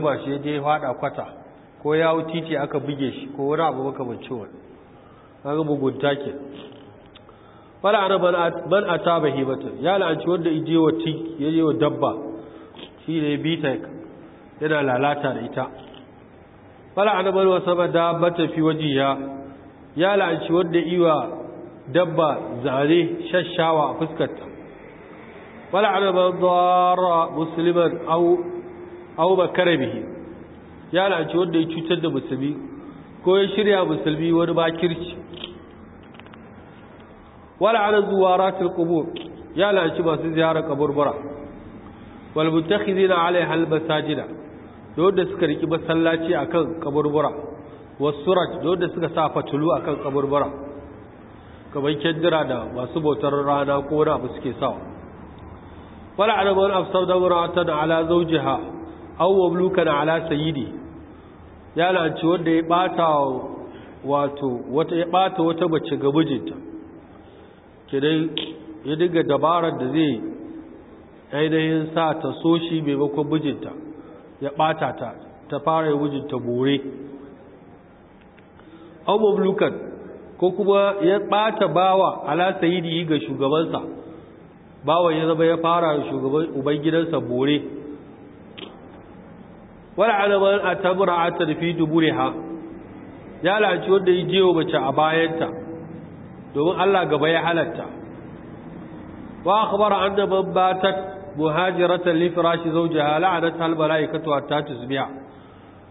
ba shi dai fada kwata ko ya hau titi aka buge shi ko wani abu makamancin wani kaga bugun take wala ana man ata bahi batun ya la'anci wanda ije wa ti yaje wa dabba shi ne bita yana lalata da ita wala ana ban man wasaba dabbata fi wajiya ya la'anci wanda iwa dabba zare shashawa a fuskarta wala ana ban dara musliman au aw bakara bihi ya lalace wanda ya cutar da musulmi ko ya shirya musulmi wani bakirci wala ala ratar qubur ya lalace masu ziyarar kaburbura wal mutakhizina ala al masajida da wanda suka riki masallaci akan kaburbura wasuraj da wanda suka sa fatulu akan kaburbura kamar kendira da masu bautar rana ko na abu suke sawa wala ala man afsar da muratan ala zawjiha awwa blukana ala sayidi, ya lanci wanda ya bata wato wata ya bata wata bace ga mijinta kidan ya diga dabarar da zai ainihin sa ta so shi maimakon mijinta ya bata ta ta fara mijinta bore awwa blukan ko kuma ya bata bawa ala sayyidi ga shugabansa bawa ya zama ya fara shugaban ubangidansa bore wal alaman atabra atarfi duburiha ya lalace wanda ya jewo mace a bayanta domin Allah gaba ya halatta wa akhbara anna man batat muhajiratan li firashi zawjiha la'anat al malaikatu hatta tusbiha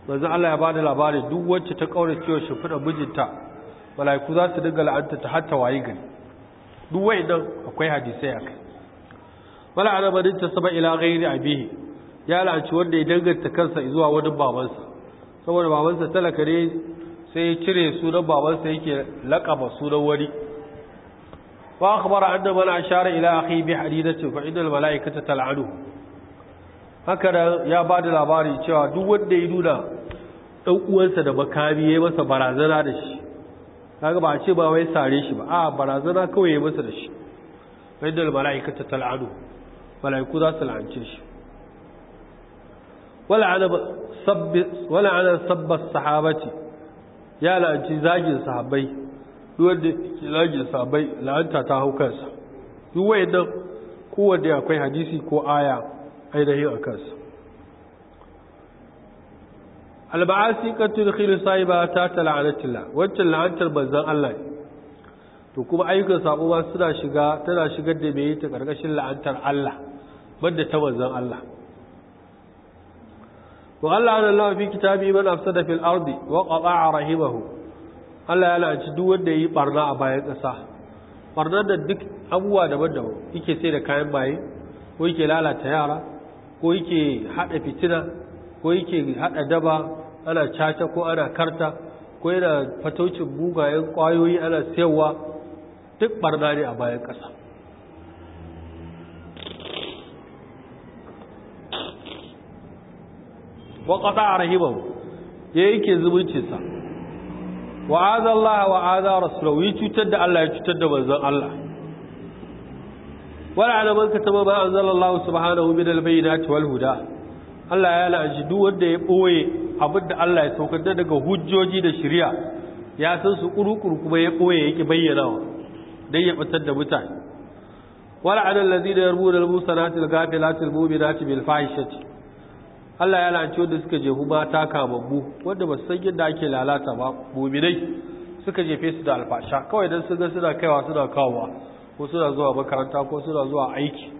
manzo Allah ya bada labarin duk wacce ta kaurace wa shimfiɗa mijinta malaiku za su dinga la'anta ta hatta wayi gani, duk nan, akwai hadisai akai wala ana ta intasaba ila a abihi ya lalace wanda ya danganta kansa zuwa wani babansa saboda babansa talaka ne sai ya cire sunan babansa yake laƙaba sunan wani Ba kamar an da mana a share ila a akhi bi ce fa idal malaikata tal'anu haka da ya ba da labari cewa duk wanda ya nuna ɗan uwansa da makami ya yi masa barazana da shi ga ba ce ba wai sare shi ba a barazana kawai yi masa da shi fa idal ta malaiku za su shi wala ala sabbar sahabati ya la'anci zagin sahabbai wanda ke zagin sahabbai la'anta ta hau kansa duk wayannan kowanne akwai hadisi ko aya ainihin a kansa alba'asi kan tudkhilu sahiba ta tala'anatillah wancan la'antar banzan Allah to kuma ayyukan sabo ba suna shiga tana shigar da mai ta karkashin la'antar Allah banda ta banzan Allah وقال عن الله في كتابه من أفسد في الأرض a rahimahu. Allah ya la'anci duk wanda yi barna a bayan ƙasa barnar da duk abubuwa daban-daban yake sai da kayan maye ko yake lalata yara ko yake haɗa fitina ko yake haɗa daba ana caca ko ana karta ko yana fatocin mugayen ƙwayoyi ana sayarwa duk barna ne a bayan ƙasa wa qata rahibahu ya yake zubuncinsa wa aza Allah wa aza rasulahu ya cutar da Allah ya cutar da manzon Allah wala alaman ka tama ba anzalallahu subhanahu min albayyinati wal huda Allah ya la'anci duk wanda ya boye abin da Allah ya saukar daga hujjoji da shari'a ya san su kurukuru kuma ya boye yake ya batar da mutane wala Musa ladina yarmuna bil fahishati Allah ya lance wanda suka jefu mata kamammu wanda ba san yadda ake lalata ba bobinai suka jefe su da alfasha kawai dan sun ga suna kaiwa suna kawowa ko suna zuwa makaranta ko suna zuwa aiki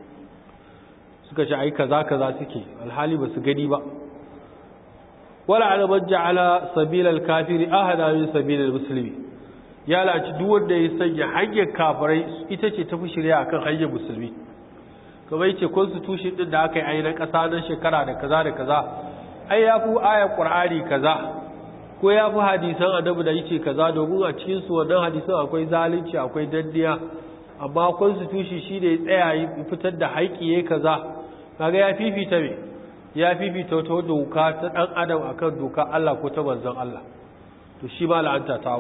suka ce ai kaza kaza suke alhali ba su gani ba wala alaman ja'ala sabila kafiri ahada min sabila Musulmi. ya laci duk wanda ya sanya hanyar kafirai ita ce tafi shirya akan hanyar musulmi kawai ce constitution din da aka yi ayi ƙasa na shekara da kaza da kaza ai ya fi ayar ƙur'ani kaza ko ya fi hadisan adabu da ce kaza domin a cikin su wannan hadisan akwai zalunci akwai daddiya amma constitution shi da ya tsaya yi fitar da haiki ya kaza kaga ya fifita me ya fifita ta doka ta ɗan adam akan doka Allah ko ta manzan Allah to shi ma la'anta ta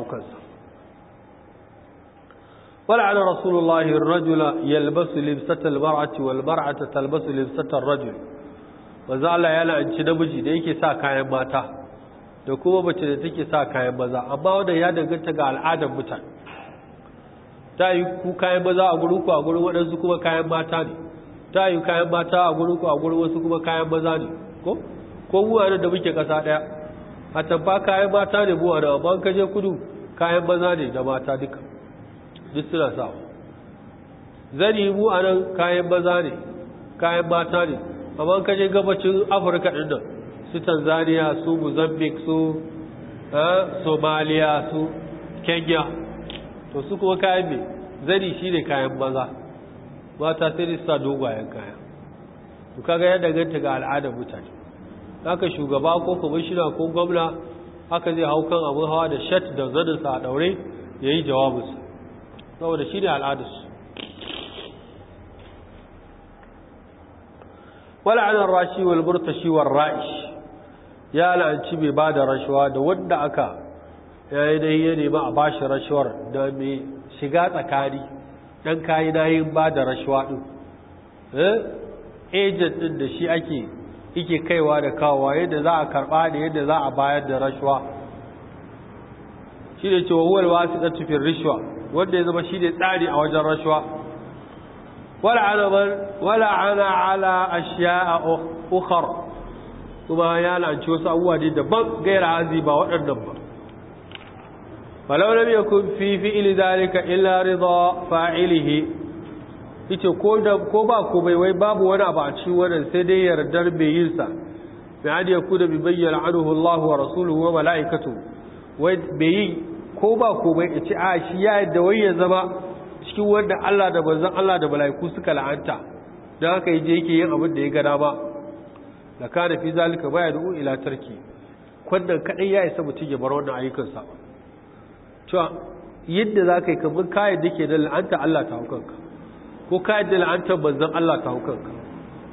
ولعن رسول الله الرجل يلبس لبسة البرعة والبرعة ya la'anci sa kayan mata da kuma mace da take sa kayan maza amma wanda ya danganta ta yi ku kayan a gurin a gurin waɗansu kuma ta yi kayan mata a gurin ku a gurin wasu kuma kayan maza ne ko ko mu da muke ƙasa ɗaya a tabba kayan mata ne mu da amma ka je kudu kayan maza ne da mata duka duk suna sa zari mu a nan kayan maza ne kayan mata ne amma gabacin afirka ɗin da su tanzania su mozambique su Somalia su kenya to su kuma kayan mai zari shi ne kayan maza mata sai sa dogayen kaya to kaga yadda ganta ga al'adar mutane haka shugaba ko kwamishina ko gwamna haka zai hau kan abin hawa da shat da zaninsa a daure ya yi jawabinsa saboda shi ne al'adus. wala'anar rashi wal murtashi wal ra'ish ya la'anci mai ba da rashuwa da wanda aka ya yi da nema a bashi rashuwar da mai shiga tsakani dan kayi na yin ba da rashuwa ɗin ejen eh? ɗin da shi ake ike kaiwa da kawowa yadda za a karɓa da yadda za a bayar da rashuwa shi ne cewa huwal wasu ɗan tufin rashuwa wanda ya zama shi ne tsari a wajen rashuwa wala ana ala ashiya a ukhar kuma ya lanci wasu abubuwa ne daban gaira hazi ba waɗannan ba falau lam yakun fi fi'li zalika illa ridha fa'ilihi ita ko ba ko bai wai babu wani abu a cikin wannan sai dai yardar bai yin sa bi ku da bi bayyana anhu Allah wa rasuluhu wa malaikatu wai bai yi ko ba komai bai ce a shi ya yadda wai ya zama cikin wanda Allah da banzan Allah da mala'iku suka la'anta don haka yaje yake yin abin da ya gada ba la kana fi zalika baya da ila tarki kwanda kadai ya isa mutum ya bar wannan ayyukan sa to yadda zaka yi kamar kayan da ke da la'anta Allah ta hukanka ko kayan da la'antar banzan Allah ta hukanka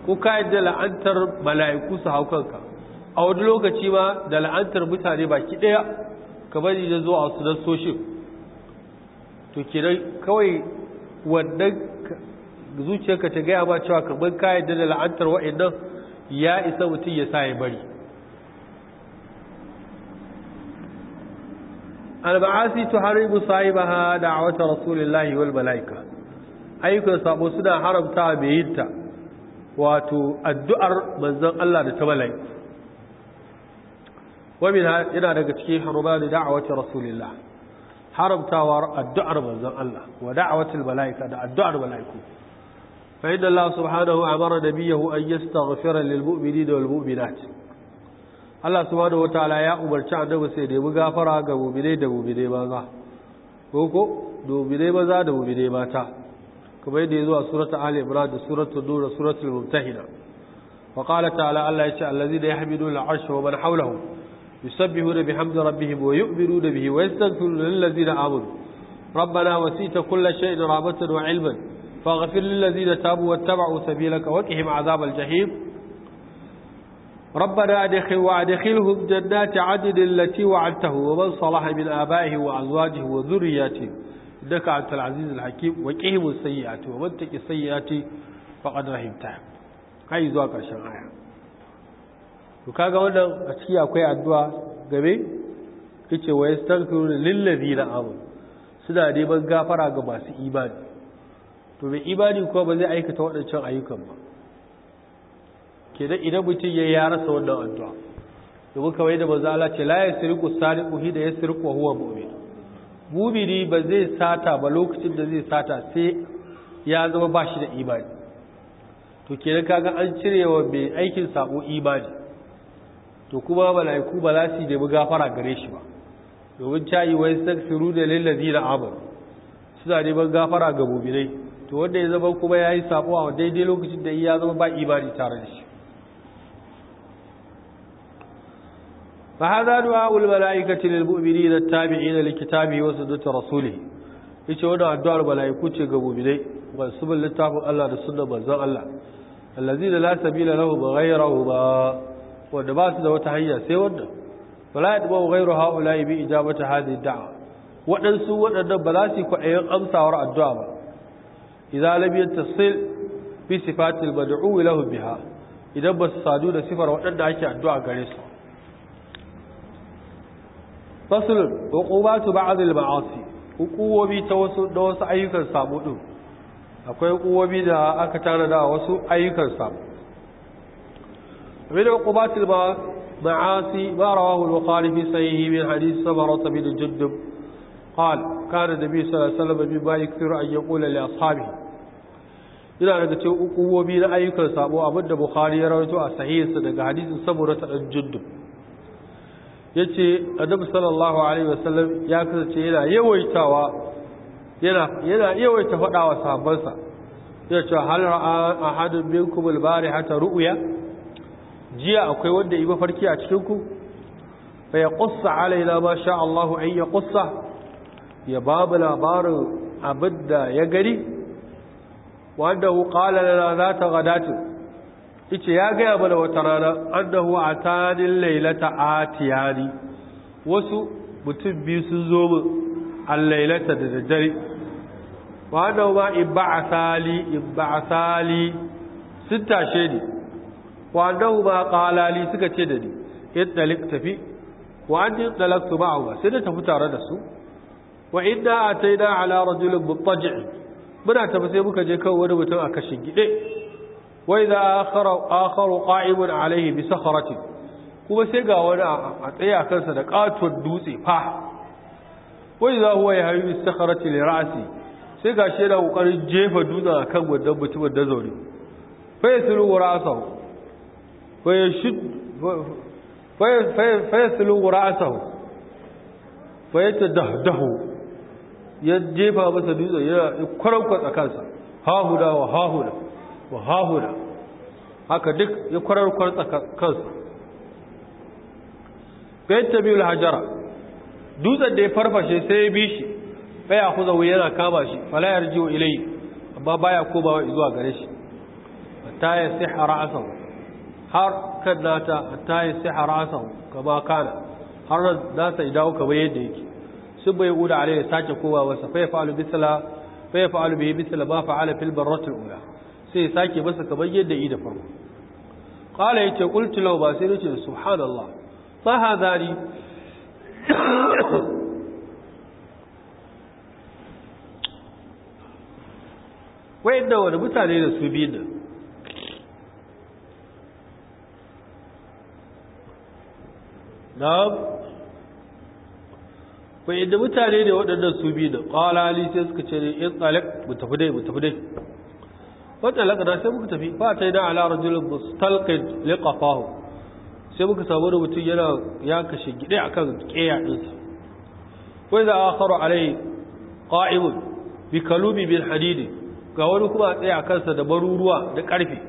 ko kayan da la'antar mala'iku su haukanka a wani lokaci ma da la'antar mutane baki ɗaya ka bari da zuwa a dassoshin to kira kawai wannan zuciyarka ta gaya ba cewa kamar ka da la'antar wa'annan ya isa mutum ya sa ya bari al-ma'asi tuharibu sahibaha wata rasulillahi wal malaika ayyukan sabo suna haramta mai yinta wato addu'ar manzon Allah da ta malaika ومنها yana نقتكي حرمان دعوة رسول الله حرم تاور الدعر من الله ودعوة الملائكة الدعر ملائكة فإن الله سبحانه أمر نبيه أن يستغفر للمؤمنين والمؤمنات Allah subhanahu wataala ya umarci annabi sai da gafara ga mu'minai da mu'minai maza ko mu'minai maza da mu'minai mata kuma yadda ya zuwa suratul ali imran da suratul nur da suratul mumtahina wa qala ta'ala Allah ya ce allazina wa man يسبحون بحمد ربهم ويؤمنون به ويستغفرون للذين آمنوا ربنا وسيت كل شيء رحمة وعلما فاغفر للذين تابوا واتبعوا سبيلك وكهم عذاب الجحيم ربنا أدخل وأدخلهم جنات عدن التي وعدته ومن صلح من آبائه وأزواجه وذرياته إنك أنت العزيز الحكيم وكهم السيئات ومن تك السيئات فقد رحمته هاي ذوق الشرعية to kaga wannan a ciki akwai addu'a game kace wa yastaghfiru lil ladina amanu suna neman gafara ga masu imani to mai ibadi kuma ba zai aikata waɗancan ayyukan ba Ke da idan mutum ya ya rasa wannan addu'a domin kawai da manzo Allah ce la yasriqu sariqu hida yasriqu wa huwa mu'min mu'mini ba zai sata ba lokacin da zai sata sai ya zama bashi da ibadi to kenan kaga an cire wa mai aikin sabo ibadi to kuma mala'iku ba za su yi mu gafara gare shi ba domin cayi wai sakfiru da lillazi da abu suna neman gafara ga muminai to wanda ya zama kuma ya yi sabuwa a daidai lokacin da ya zama ba imani tare da shi lil mu'minina tabi'ina lil kitabi wa sunnati rasuli yace wanda addu'ar malaiku ce ga mu'minai ba subul littafin Allah da sunnar manzon Allah allazi la sabila lahu ghayrahu ba wanda ba su da wata hanya sai wannan wala yadbu ghayru haula'i bi ijabati hadhihi da'a. waɗansu waɗannan ba za su yi kwaɗayin amsawar addu'a ba idan idza ta sil, bi sifatil mad'u lahu biha idan ba su sadu da sifar waɗanda ake addu'a gare su faslun ba ba'd al-ma'asi hukumomi ta wasu da wasu ayyukan samu ɗin, akwai hukumomi da aka tara da wasu ayyukan samu. من عقوبات المعاصي ما رواه البخاري في صحيحه من حديث سمرة بن الجندب قال كان النبي صلى الله عليه وسلم بما يكثر أن يقول لأصحابه ina daga cikin ukubobi na ayyukan sabo abinda bukhari ya rawaito a sahihinsa daga hadisin saboda ta dan yace annabi sallallahu alaihi wasallam ya kasance yana yawaitawa yana yana yawaita faɗa wa sahabbansa yace hal ra'a ahadun minkum al-barihata ru'ya jiya akwai wanda yi mafarki a cikinku? ku fa ya qussa alaina ba sha Allahu an ya ƙussa ya babu labarin abin da ya gari wanda hu ƙala lana za ta gadatu ita ya gaya mana wata rana An a tanin lailata tiyari wasu mutum biyu sun zo mu lailata da daddare wanda ma in Sali in Sali. sun tashe ni wa ba ma suka ce da ni ittalik tafi wa anti talaktu ma'ahu sai da tafi tare da su wa idda ataida ala rajul muttaji' muna tafi sai muka je kan wani mutum a kashin gide wa idza akhara akharu qa'imun alayhi bi sakharatin kuma sai ga wani a tsaye kansa da katon dutse fa wa idza huwa yahwi bi sakharati li ra'si sai ga shi da kokarin jefa dutsen akan wannan mutumin da zauri fa yasiru ra'sahu fayasilu ra'asahu fayyata dahu. ya jefa masa dutse ya kwarankwatsa kansa hahuda wa hahuda wa hahuda haka duk ya kwarankwatsa kansa fayyata biyu hajara dutsen da ya farfashe sai ya bi shi faya kuza yana kama shi falayar jiwo ilayi amma baya bawa zuwa gare shi ta ya sai ra'asahu har kan ta hatta ya sai ka ba kana har ta idawo dawo kama yadda yake sun bai uda alai sake kowa wasa fai fa'alu bisala fa fa'alu bai bisala ba fa'ala fil barrotu ula sai ya sake ka kamar yadda yi da farko qala ya ce law ba sai nace subhanallah ha zari wai yadda wani mutane da su biyu na'am fa yadda mutane ne waɗannan su biyu da qala ali sai suka ce in talak mu tafi dai mu tafi dai wata na sai muka tafi fa ta idan ala rajulin mustalqin liqafahu sai muka samu da mutum yana ya kashe gide akan keya dinsa wa idza akharu alai qa'imun bi kalubi bil hadidi, ga wani kuma a tsaya kansa da baruruwa da karfe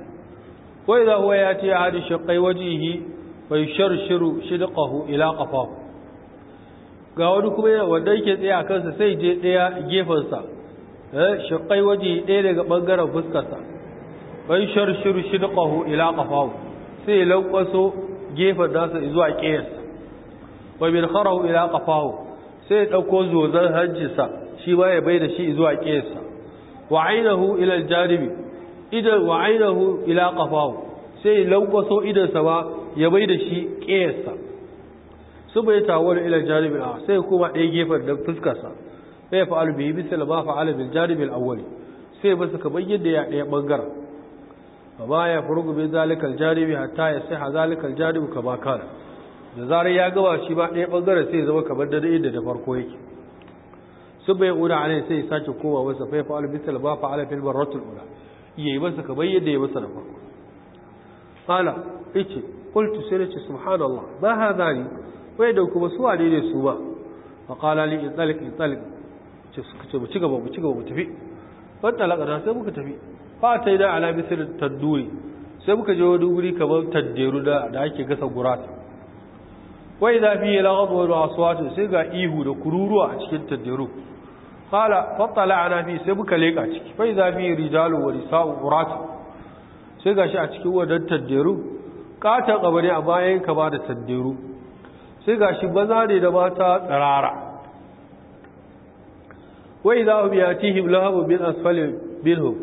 wa idza huwa yati hadi shaqai wajihi fa yusharshiru shidqahu ila qafahu ga wani kuma yana wanda yake tsaye a kansa sai je daya sa eh shaqqai waje daya daga bangaren fuskarsa fa yusharshiru shidqahu ila qafahu sai lankwaso gefen nasa zuwa kiyarsa wa bil kharahu ila qafahu sai dauko zozar sa. shi ba ya bai da shi zuwa kiyarsa wa ainahu ila al idan wa ainahu ila qafahu sai lankwaso idan sa ba ya bai da shi ƙeyarsa su bai tawar ila jaribin a sai kuma ɗaya gefen da fuskarsa sai ya fa’alubi bai bisa la ba fa'alu jaribin awwali sai ba su kamar yadda ya ɗaya ɓangaren ba ya furugu bai zalikal jaribi hatta ya sai ha zalikal jarumin ka ba kana da zarar ya gaba shi ba ɗaya ɓangaren sai ya zama kamar da da da farko yake su bai una nan sai ya sake kowa wasa fa ya bisa la ba fa'alu fil barratul ula yayi masa kamar yadda ya masa da farko Fala. ice qultu sai nace subhanallah ba hadani wai da kuma su wane ne su ba fa qala li intalik intalik ce suka ce mu ci gaba mu tafi fa talaka da sai muka tafi fa tai da ala bisil taduri sai muka je wani guri kamar tadderu da ake gasa gurata wa idza fi laghdu wa aswat sai ga ihu da kururuwa a cikin tadderu qala fa tala'na fi sai muka leka ciki fa idza fi rijalu wa nisa'u gurata sai gashi a cikin wadannan tadderu katon abu ne a bayan ka ba da sandiru sai ga shi maza ne da mata tsirara wai za mu biya tihi lahabu bin asfalin bilhum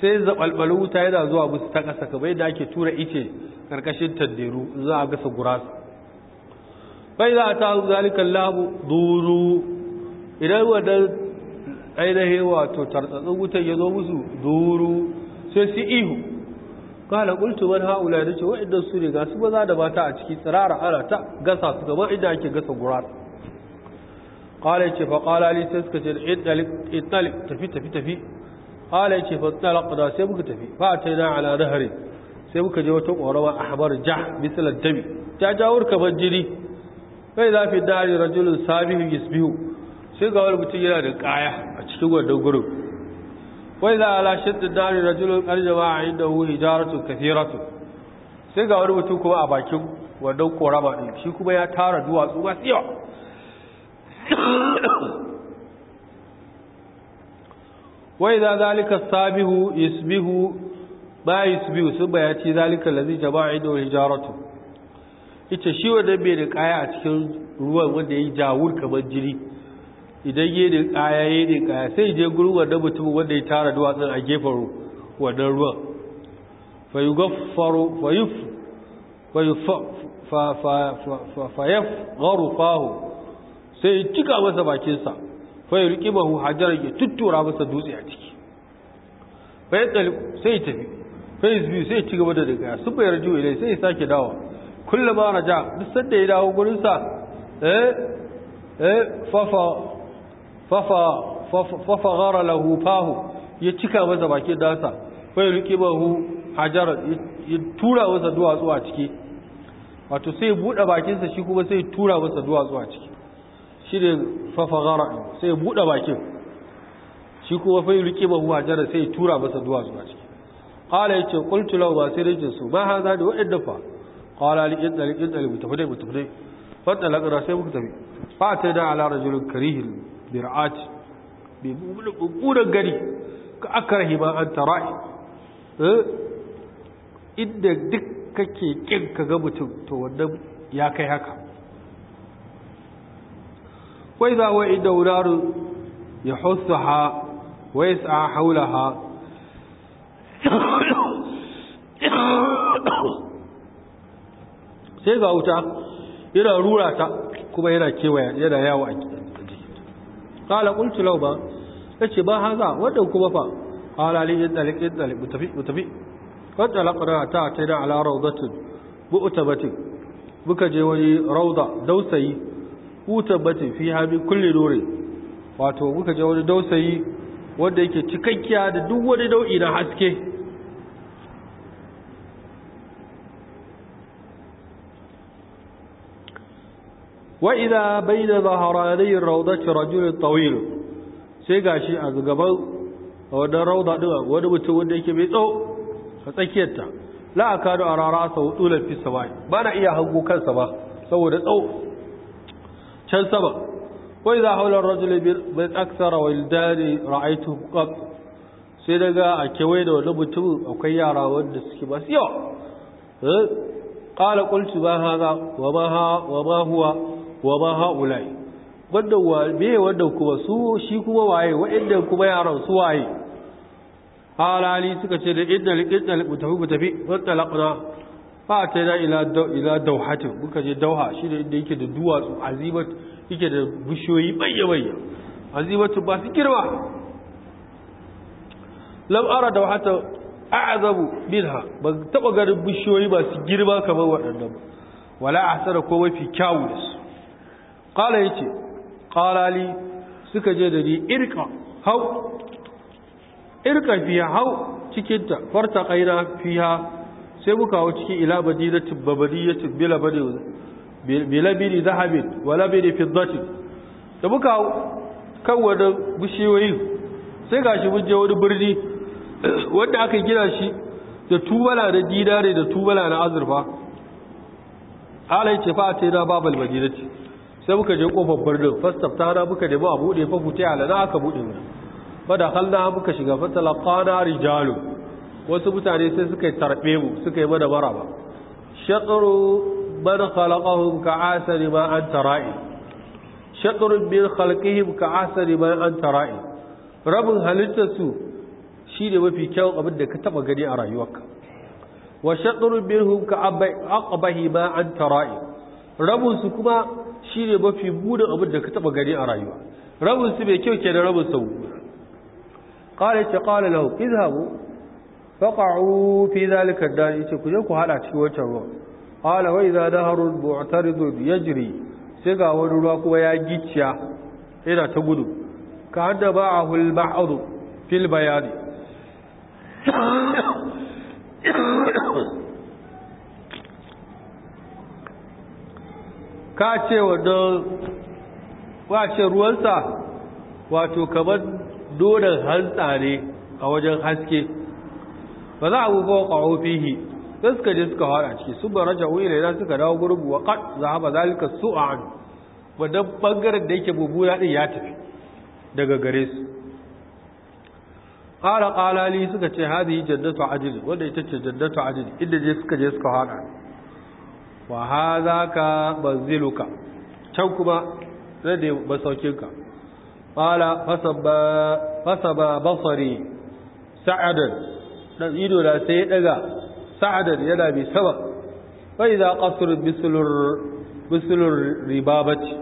sai zaɓalɓalin wuta yana zuwa musu ta ƙasa kamar yadda ake tura ice ƙarƙashin Tanderu, za a gasa gurasa bai za a ta zalikan lahabu duru idan wadda ainihin wato tartsatsin wutan ya zo musu duru sai su ihu kala qultu man haula nace wa'inda su ne ga su maza da mata a ciki tsirara ana gasa su gaban inda ake gasa gurar kala yace fa qala li sai suka ce ittalik ittalik tafi tafi tafi kala yace fa talaq da sai muka tafi fa ataina ala dahri sai muka je wata korawa ahbar jah bisal dami ta jawur kaman jini kai zafi dari rajulun sabihu yasbihu sai ga wani mutum yana da kaya a cikin wannan gurin وإذا على شد الدار رجل أرجوا عنده هجارة كثيرة sai ga wani mutum kuma a bakin wannan korama ɗin shi kuma ya tara duwatsu masu yawa wai za zalika sabihu yusbihu ba yusbihu sun bayaci zalika lazi jama'a inda wani jaratu ita shi wanda mai da kaya a cikin ruwan wanda ya yi jawur kamar jini idan yi din kaya yi din kaya sai je gurin da mutum wanda ya tara duwatsun a gefen wannan ruwan fayugaffaru fayuf fayafgharu fahu sai ya cika masa bakinsa riki mahu hajjar ya tuttura masa dutse a ciki sai ya tafi fai zubi sai ya ci gaba da daga su bayar juwa ilai sai ya sake dawa kullum ma ja duk sanda ya dawo gurinsa eh eh fafa fafagara lahu fahu ya cika masa bakin dasa bai rike bahu hajar ya tura masa duwatsu a ciki wato sai buɗe bakinsa shi kuma sai tura masa duwatsu a ciki shi ne fafagara sai buɗe bakin shi kuma bai rike bahu hajar sai tura masa duwatsu a ciki qala yace qultu law ba sai rike su ba haza da wadda fa qala li idda li idda li mutafadai mutafadai fa talaqra sai muka tafi fa ta da ala rajulin karihin bir'at bi buɗe gari ka akrahi ba an tara'i idda duk kake kin ka ga mutum to wannan ya kai haka wai za wa inda wuraru ya wa yas'a hawlaha sai ga wuta yana rura ta kuma yana kewaya yana yawo a qala qultu law ba yace ba haza wadan kuma fa qala li yadalik yadalik mutafi mutafi qad talaqna ta ta da ala rawdatin bu'tabati buka je wani rawda dausayi utabati fi habi kulli dore wato muka je wani dausayi wanda yake cikakkiya da duk wani dau'i na haske wa'iza bayna zahraday rawdati rajul tawil sai gashi a gaba wadda rawda duka wadda mutum wanda yake mai tso a tsakiyar ta la akadu arara sa wudul fi sawai bana iya hango kansa ba saboda tso can saba wa iza hawla ar-rajul bi aksara wal dali ra'aytu qab sai daga a kewaye da wadda mutum akwai yara wadda suke basu siyo قال قلت ما هذا وما ها وما wa ba haulai wadda wa be wadda kuma su shi kuma waye wa'inda kuma yaran su waye halali suka ce da idnal qitnal mutafi mutafi wattalaqna fa ta da ila ila dauhati muka je dauha shi da inda yake da duwatsu azibat yake da bushoyi bayya bayya azibatu ba su girma lam ara dauhata a'azabu minha ban taba garin bushoyi ba su girma kamar waɗannan ba wala ahsara ko mafi kyawu da su qala yace qala li suka je da ni irka hau irka fiya hau cikin ta farta qaina fiha sai muka hau cikin ila badilati babadiyati bila badi bila bidi zahabin wala bidi fiddati da muka hau kan wani bishiyoyi sai gashi mun je wani birni wanda aka gina shi da tubala da dinare da tubala na azurfa ala ce fa ta da babal madinati sai muka je kofar birnin hana muka nemi a buɗe fa fute ala na aka buɗe mu fada da halna muka shiga fatala kwana rijalu wasu mutane sai suka tarbe mu suka yi mana ba shatru man khalaqahum ka asali ma an tara'i shatrun min khalqihim ka asali ma an tara'i rabin halittar su ne mafi kyau abin da ka taba gani a rayuwarka wa shatrun minhum ka aqbahi ma an tara'i rabin su kuma shi ne mafi buɗe abin da ka taɓa gani a rayuwa rabinsu mai kyau ke da rabin sau ƙara ce ƙara lahu izhabu faƙa'u fi zalikar da ce ku je ku haɗa cikin wancan ruwan ƙala wai za da harun mu'taridu ya jiri sai ga wani ruwa kuma ya gicciya yana ta gudu ka hada ba a hulba'adu fil bayani ka ce wa don kwace ruwansa wato kamar dodon hantsa ne a wajen haske ba za a bufa wa ƙawo fihi sai suka je suka hada ciki su ba raja wuyi da suka dawo gurbu wa ƙad za ba zalika su a hannu Ba don ɓangaren da yake na ɗin ya tafi daga gare su ƙara ƙalali suka ce hadi jannatu ajin, wanda ita ce jannatu ajin, inda je suka je suka hada wa haza ka baziluka can kuma zai da basaukinka ƙala fasaba basari sa'adar ɗan ido da sai ya ɗaga sa'adar yana mai sama bai za ƙasar bisulur ribabaci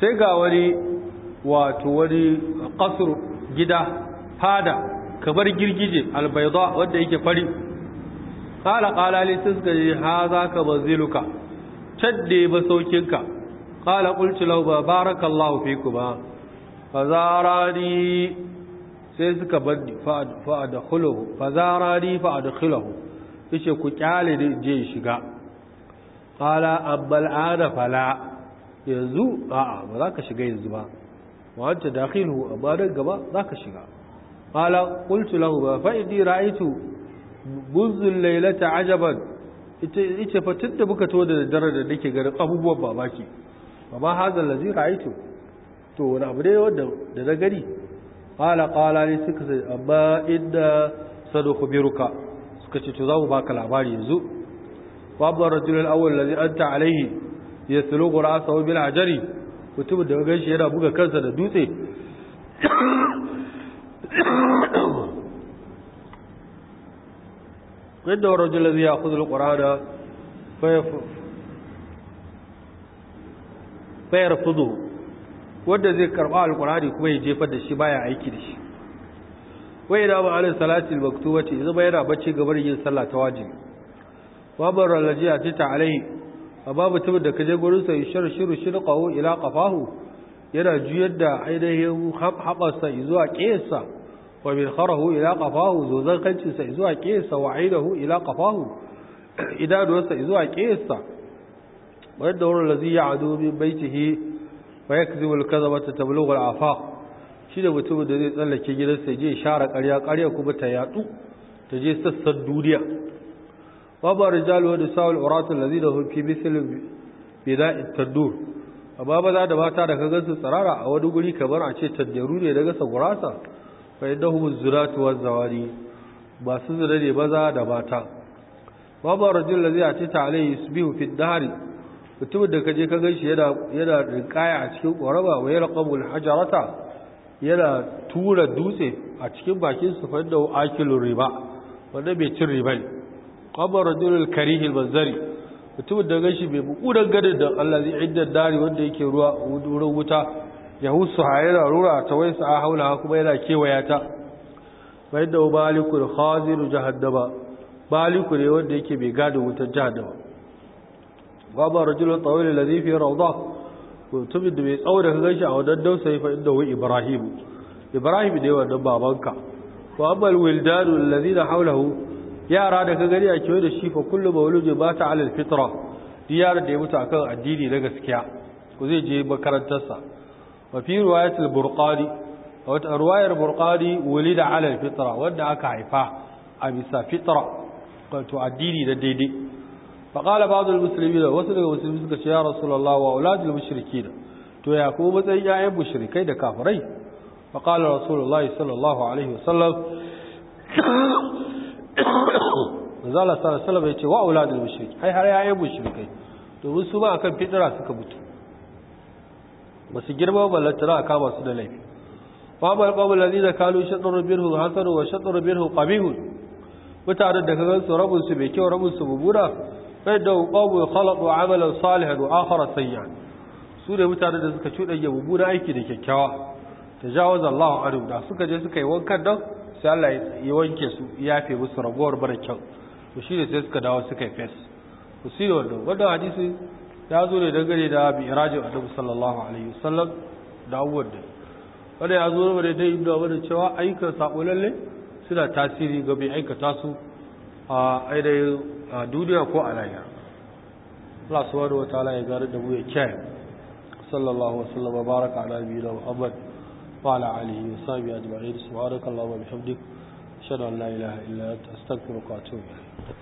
sai ga wani wato wani ƙasar gida fada kamar girgije albaida wanda yake fari kala kalali li suka ji haza ka ziluka cadde ba saukinka kala qultu law ba barakallahu ba fazarari sai suka bar fa adkhuluhu fazarani fa adkhiluhu yace ku kyale da je shiga Kala abbal ada fala yanzu a'a ba za ka shiga yanzu ba wa anta dakhiluhu abadan gaba za ka shiga Kala qultu lahu fa idi ra'aytu buzzul lailata ajaban ita fa tun da muka to da daddara da nake garin abubuwan babaki amma hazan lazi ra'aitu to wani abu ne wanda da na gani qala qala ne suka ce amma inda sadukhbiruka suka ce to za mu baka labari yanzu wa abdur rajul al-awwal lazi anta alayhi yasluqu ra'sahu bil ajari mutum da ganshi yana buga kansa da dutse yadda wa rajul ladhi ya'khudhu al wanda zai karba al kuma ya jefar da shi baya aiki da shi wa ila ma'al salati al-maktubati idan ba yana bacci gabar yin sallah ta wajibi babu ralajiya ta alai babu mutum da kaje gurin sa yashar shiru shirqahu ila qafahu yana juyar da ainihin haɓarsa zuwa ƙesa wa bilkharahu ila qafahu zozan kancinsa zuwa kesa wa aidahu ila qafahu idanuwarsa zuwa kesa wa yadda wurin lazi ya adu min baitihi wa yakzibu al-kadhaba tablughu al-afaq shi da mutum da zai tsallake gidansa ya je share ƙarya ƙarya kuma ta yadu ta je sassan duniya wa ba rijalu wa nisa'ul uratu allazina hum fi mithli bida'i tadur amma maza da mata da ka su tsirara a wani guri kamar a ce taddaru ne gasa gurasa. fa yadahu zuratu zawari ba su zira ne maza da mata babu rajul ladhi atita su yusbihu fi dahri mutumin da kaje ka ganshi yana yana rinkaya a cikin ƙoraba wa yarqabul hajarata yana tura dutse a cikin bakin su fa yadahu riba wanda bai cin riba ne qabr rajulul karihil bazari mutumin da ganshi bai buƙudan gadin da Allah zai idda dari wanda yake ruwa wurin wuta ya haye da rura ta wai sa'a haula kuma yana kewaya ta bai da balikul khaziru jahannama balikul ne wanda yake bai gada wutar jahannama gaba rajulun tawil ladhi fi rawda mutumin da bai tsawo da shi a wannan dausayi fa inda wai ibrahim ibrahim ne wannan babanka wa abal wildanu da haulahu yara da ka gani a kewaye da shi fa kullu mawludi ba ta alal fitra diyar da ya mutu akan addini na gaskiya ku zai je makarantarsa wa fi riwayatul burqadi wata ruwayar burqadi wulida ala alfitra wanda aka haifa a bisa fitra to addini da daidai fa qala ba'd almuslimin wasu daga musulmi suka ce ya rasulullahi wa auladul mushrikin to ya da sallallahu alaihi wa sallam. Allah sallallahu alaihi ya ce ai har ƴaƴan mushrikai to su ba fitra suka mutu ba su girma ba lattara a kama su da laifi babar babar lalzi da kalu shaɗar birhu hasaru wa shaɗar birhun ƙabihu mutanen da kagan su rabin su mai kyau rabin su bubura bai da babu khalaqu amalan salihan wa akhara sanya su ne mutanen da suka ya bubura aiki da kyakkyawa tajawaz Allah a da suka je suka yi wankan nan sai Allah ya wanke su ya fi musu ragowar barakan to ne sai suka dawo suka yi fes ku sirri wannan wannan hadisi ya zo ne dangane da mi'rajin annabi sallallahu alaihi wasallam da awwal da wanda ya zo ne dai inda wanda cewa ayyukan sako lalle suna tasiri ga bi aikata su a a duniya ko a lahira Allah subhanahu wataala ya gare da mu ya kiyaye sallallahu alaihi wasallam baraka ala da Muhammad wa ala alihi wa sahbihi ajma'in subhanakallahumma wa bihamdik ashhadu an la ilaha illa anta astaghfiruka wa atubu ilayk